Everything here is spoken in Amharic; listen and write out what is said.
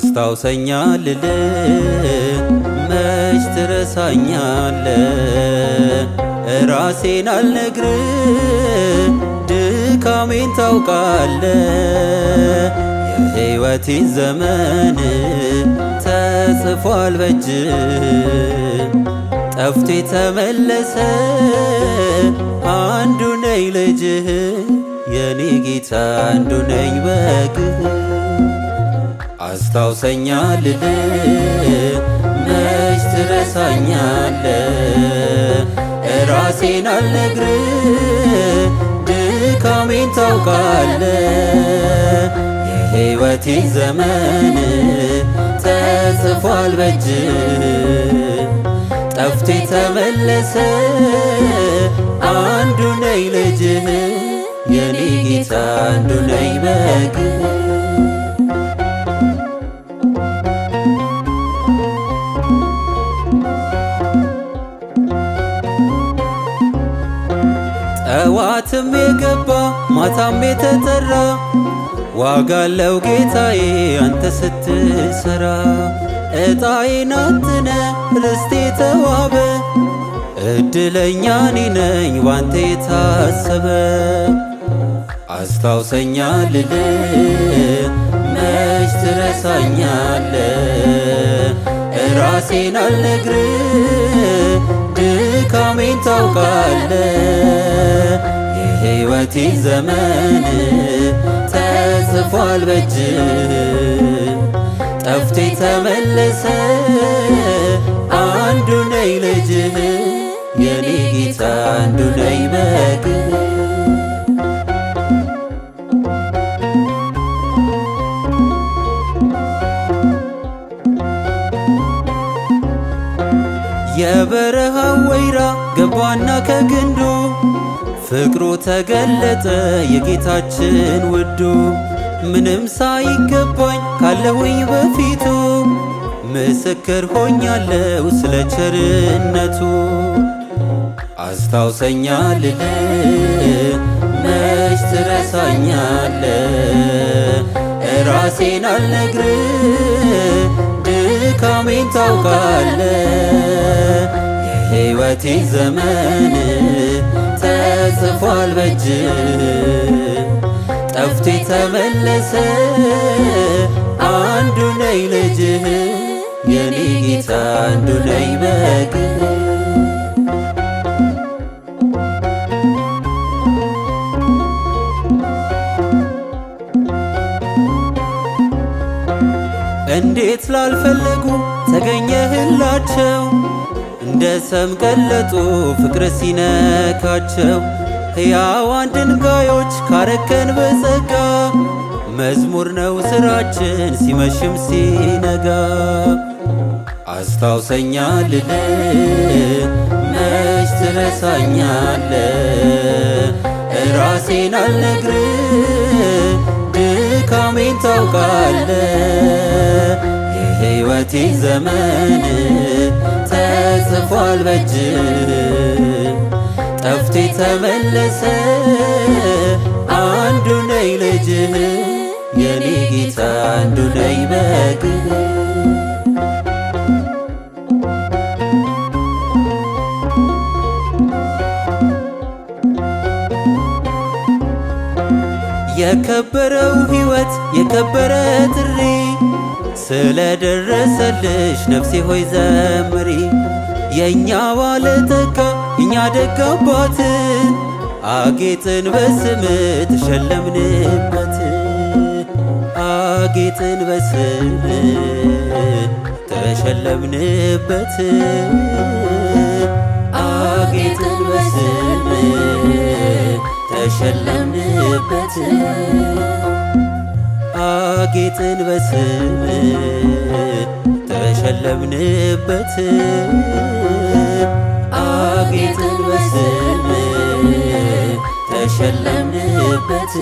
ታስታውሰኛል መች ትረሳኛለ ራሴን አልነግር ድካሜን ታውቃለ የሕይወቴን ዘመን ተጽፏል በጅ ጠፍቶ የተመለሰ አንዱ ነኝ ልጅህ የኔ ጌታ አንዱ ነኝ በግህ አስታውሰኛል መች ትረሳኛለ ራሴን አልነግር ድካሜን ታውቃለ የሕይወቴ ዘመን ተጽፏል በጅ ጠፍቴ ተመለሰ አንዱ ነይ ልጅህ የኔ ጌታ አንዱ ነይ በግ ጠዋትም የገባ ማታም የተጠራ ዋጋ አለው ጌታዬ አንተ ስትሰራ እጣዬ ናትነ ርስቴ ተዋበ እድለኛ እኔ ነኝ ባንተ የታሰበ አስታውሰኛል ል መች ትረሳኛለ ራሴን አልነግር ድካሜን ታውቃለ የሕይወቴ ዘመን ተጽፏል በጅ ጠፍቴ ተመለሰ አንዱ ነይ ልጅህ የኔ ጌታ አንዱ ነይ በግ የበረሃው ወይራ ገባና ከግንዱ ፍቅሩ ተገለጠ የጌታችን ውዱ ምንም ሳይገባኝ ካለሁኝ በፊቱ ምስክር ሆኛለው ስለ ቸርነቱ አስታውሰኛል መች ትረሳኛለ ራሴን አልነግር ድካሜን ታውቃለ የሕይወቴ ዘመን ተጽፏል በእጅ ጠፍቶ የተመለሰ አንዱ ነይ ልጅህ የኔ ጌታ አንዱ ነይ በግ እንዴት ላልፈለጉ ተገኘህላቸው እንደ ሰም ገለጡ ፍቅር ሲነካቸው ሕያዋን ድንጋዮች ካረከን በጸጋ መዝሙር ነው ስራችን ሲመሽም ሲነጋ አስታውሰኛል መች ትረሳኛለ ራሴን አልነግር ድካሜን ታውቃለ የህይወቴ ዘመን ተጽፏል በጅ ጠፍቶ የተመለሰ አንዱ ነይ ልጅ የኔ ጌታ አንዱ ነይ በግ የከበረው ህይወት የከበረ ትሪ ስለ ነፍሴ ሆይ ዘምሪ። የእኛ ባለጠጋ እኛ ደጋባትን አጌጥን በስም ተሸለምንበት አጌጥን በስም ተሸለምንበት አጌጥን በስም ተሸለምንበት ጌጥን በስም ተሸለምንበት አጌጥን በስም ተሸለምንበት